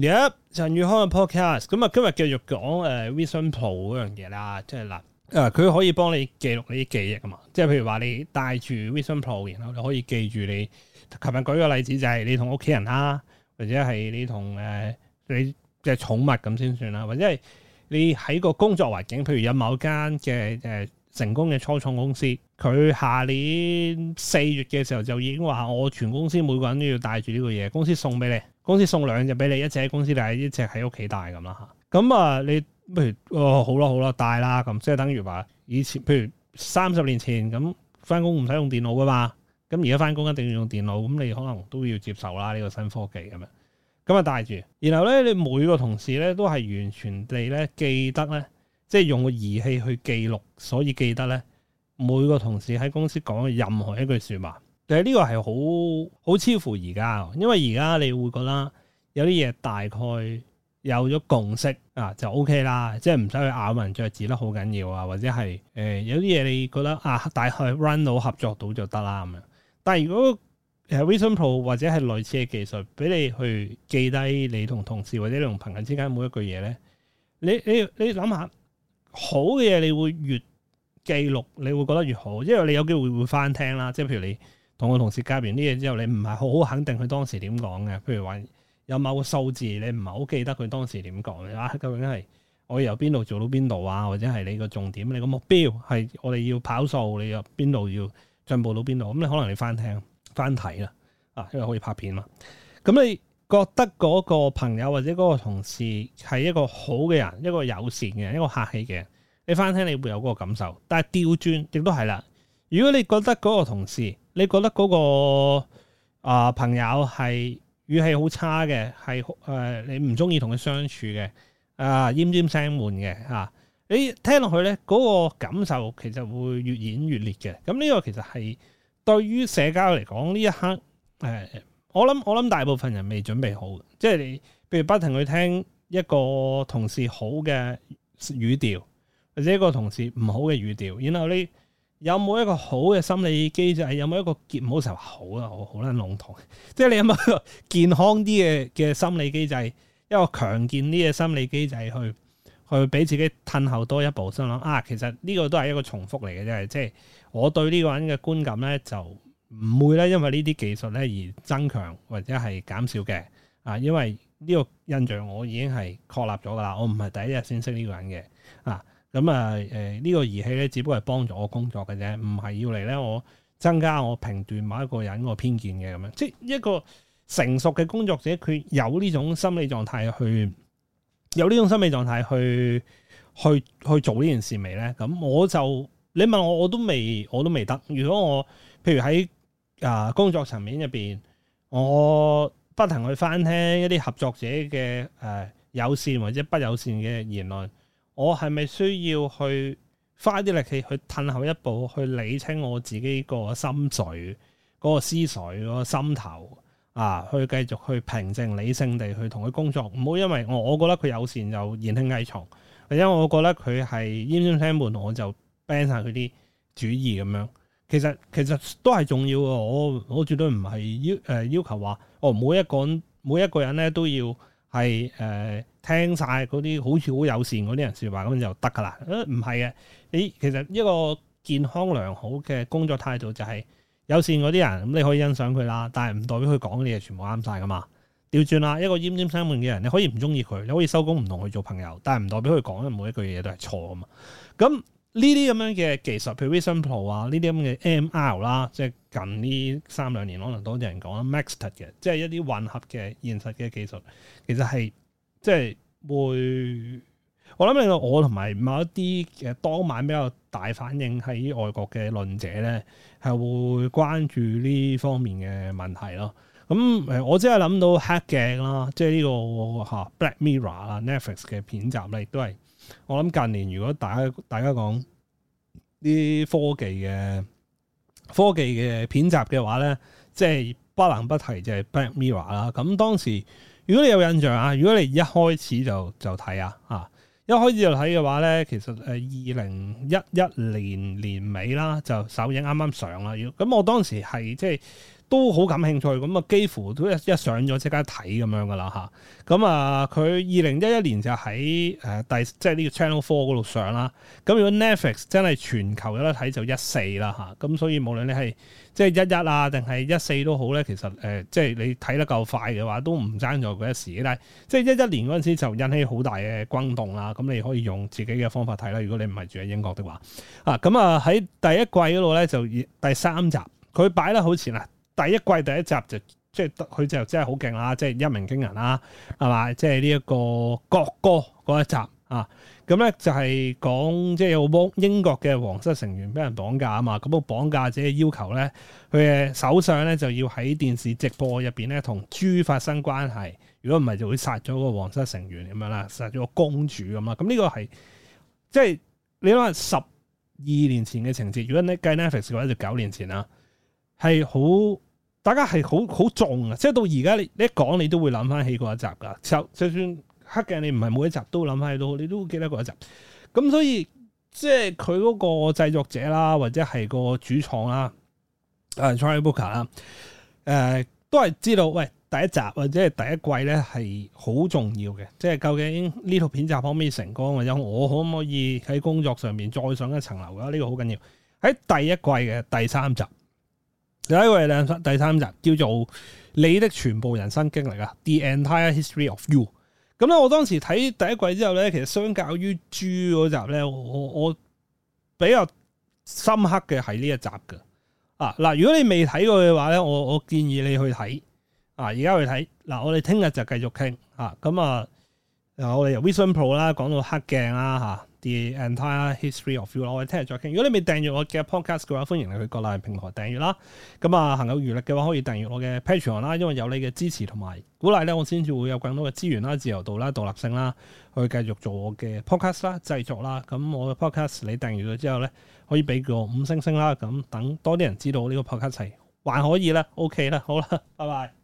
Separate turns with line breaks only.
而家、yep, 陳宇康嘅 podcast，咁啊，今日繼續講誒 Vision、呃、Pro 嗰樣嘢啦，即係嗱，誒、呃、佢可以幫你記錄你啲記憶啊嘛，即係譬如話你帶住 Vision Pro，然後你可以記住你琴日，舉個例子就係你同屋企人啦，或者係你同誒、呃、你即係寵物咁先算啦，或者係你喺個工作環境，譬如有某間嘅誒成功嘅初創公司，佢下年四月嘅時候就已經話我全公司每個人都要帶住呢個嘢，公司送俾你。公司送兩隻俾你，一隻喺公司戴，一隻喺屋企戴咁啦嚇。咁啊，你不如哦，好咯好咯，戴啦咁，即係等於話以前，譬如三十年前咁翻工唔使用電腦噶嘛，咁而家翻工一定要用電腦，咁你可能都要接受啦呢個新科技咁樣。咁啊戴住，然後咧你每個同事咧都係完全地咧記得咧，即係用個儀器去記錄，所以記得咧每個同事喺公司講任何一句説話。誒呢個係好好超乎而家，因為而家你會覺得有啲嘢大概有咗共識啊，就 O K 啦，即係唔使去咬文嚼字得好緊要啊，或者係誒、呃、有啲嘢你覺得啊大概 run 到合作到就得啦咁樣。但係如果 s 微信 Pro 或者係類似嘅技術，俾你去記低你同同事或者你同朋友之間每一句嘢咧，你你你諗下好嘅嘢，你會越記錄，你會覺得越好，因為你有機會會翻聽啦，即係譬如你。同個同事加完啲嘢之後，你唔係好好肯定佢當時點講嘅。譬如話有某個數字，你唔係好記得佢當時點講。啊，究竟係我由邊度做到邊度啊？或者係你個重點，你個目標係我哋要跑數，你由邊度要進步到邊度？咁、嗯、你可能你翻聽翻睇啦，啊，因為可以拍片嘛。咁、嗯、你覺得嗰個朋友或者嗰個同事係一個好嘅人，一個友善嘅人，一個客氣嘅人，你翻聽你會有嗰個感受。但係掉轉亦都係啦。如果你覺得嗰個同事，你覺得嗰、那個啊、呃、朋友係語氣好差嘅，係誒、呃、你唔中意同佢相處嘅、呃，啊奄尖聲悶嘅嚇，你聽落去咧嗰、那個感受其實會越演越烈嘅。咁呢個其實係對於社交嚟講呢一刻，誒、呃、我諗我諗大部分人未準備好，即係你譬如不停去聽一個同事好嘅語調，或者一個同事唔好嘅語調，然後你。有冇一個好嘅心理機制？有冇一個健，唔好成日話好啊！我好撚籠統，即係 你有冇一個健康啲嘅嘅心理機制，一個強健啲嘅心理機制去去俾自己褪後多一步，想諗啊，其實呢個都係一個重複嚟嘅啫。即係我對呢個人嘅觀感咧，就唔會咧，因為呢啲技術咧而增強或者係減少嘅啊，因為呢個印象我已經係確立咗噶啦，我唔係第一日先識呢個人嘅啊。咁啊，誒，呢個儀器咧，只不過係幫助我工作嘅啫，唔係要嚟咧，我增加我評斷某一個人嗰個偏見嘅咁樣。即係一個成熟嘅工作者，佢有呢種心理狀態去，有呢種心理狀態去，去去做呢件事未咧？咁我就你問我，我都未，我都未得。如果我譬如喺啊、呃、工作層面入邊，我不停去翻聽一啲合作者嘅誒友善或者不友善嘅言論。我係咪需要去花啲力氣去褪後一步，去理清我自己個心水、嗰、那個思緒、嗰、那個心頭啊？去繼續去平靜、理性地去同佢工作，唔好因為我覺因為我覺得佢友善就言聽計從，因為我覺得佢係奄尖腥悶，我就 ban 曬佢啲主意咁樣。其實其實都係重要嘅，我我絕對唔係要誒、呃、要求話，我、哦、每一個每一個人咧都要。係誒、呃、聽晒嗰啲好似好友善嗰啲人說話咁就得噶啦，唔係嘅，誒其實一個健康良好嘅工作態度就係、是，友善嗰啲人，咁你可以欣賞佢啦，但係唔代表佢講嘅嘢全部啱晒噶嘛。調轉啦，一個奄尖腥悶嘅人，你可以唔中意佢，你可以收工唔同佢做朋友，但係唔代表佢講嘅每一句嘢都係錯噶嘛。咁呢啲咁樣嘅技術，譬如 Vision Pro 啊，呢啲咁嘅 MR 啦，即係近呢三兩年可能多啲人講啦，mixed 嘅，即係一啲混合嘅現實嘅技術，其實係即係會，我諗令到我同埋某一啲嘅當晚比較大反應喺外國嘅論者咧，係會關注呢方面嘅問題咯。咁誒，我真係諗到黑鏡啦，即係呢個嚇 Black Mirror 啦，Netflix 嘅片集咧，亦都係我諗近年如果大家大家講啲科技嘅科技嘅片集嘅話咧，即係不能不提就係 Black Mirror 啦。咁當時如果你有印象啊，如果你一開始就就睇啊，啊一開始就睇嘅話咧，其實誒二零一一年年尾啦，就首映啱啱上啦，咁我當時係即係。就是都好感興趣，咁，啊，幾乎都一上咗即刻睇咁樣噶啦，吓，咁，啊，佢二零一一年就喺誒，第即係呢個 Channel Four 嗰度上啦，咁、啊、如果 Netflix 真係全球有得睇就一四啦，吓，咁所以無論你係即係一一啊定係一四都好咧，其實誒即係你睇得夠快嘅話都唔爭在佢一時，但、啊、係即係一一年嗰陣時就引起好大嘅轟動啦，咁、啊、你可以用自己嘅方法睇啦，如果你唔係住喺英國的話啊，咁啊喺第一季嗰度咧就第三集，佢擺得好前啊！第一季第一集就即係佢就真係好勁啦，即係一鳴驚人啦，係嘛？即係呢一個國歌嗰一集啊，咁咧就係講即係有幫英國嘅皇室成員俾人綁架啊嘛，咁個綁架者嘅要求咧，佢嘅首相咧就要喺電視直播入邊咧同豬發生關係，如果唔係就會殺咗個皇室成員咁樣啦，殺咗個公主咁啦，咁呢個係即係你諗下十二年前嘅情節，如果你計 Netflix 嘅話就九年前啦，係好。大家係好好重啊！即係到而家你你一講，你都會諗翻起嗰一集噶。就就算黑鏡，你唔係每一集都諗翻起都，你都會記得嗰一集。咁所以即係佢嗰個製作者啦，或者係個主創啦，啊 Charlie Brooker 啊，誒、er, 呃、都係知道。喂，第一集或者係第一季咧係好重要嘅。即係究竟呢套片集可唔可以成功，或者我可唔可以喺工作上面再上一層樓？啊，呢個好緊要。喺第一季嘅第三集，第一季第三第三集叫做你的全部人生經歷啊，The entire history of you。咁咧，我當時睇第一季之後咧，其實相較於豬嗰集咧，我我比較深刻嘅係呢一集嘅。啊嗱，如果你未睇過嘅話咧，我我建議你去睇。啊，而家去睇嗱，我哋聽日就繼續傾啊。咁啊，我哋、啊啊、由 Vision Pro 啦，講到黑鏡啦，吓、啊。The entire history of you，我哋聽日再傾。如果你未訂閱我嘅 podcast 嘅話，歡迎你去各大平台訂閱啦。咁、嗯、啊，行有餘力嘅話，可以訂閱我嘅 Patreon 啦。因為有你嘅支持同埋鼓勵咧，我先至會有更多嘅資源啦、自由度啦、獨立性啦，去繼續做我嘅 podcast 啦、製作啦。咁我嘅 podcast 你訂閱咗之後咧，可以俾個五星星啦。咁等多啲人知道呢個 podcast 係還可以啦。OK 啦，好啦，拜拜。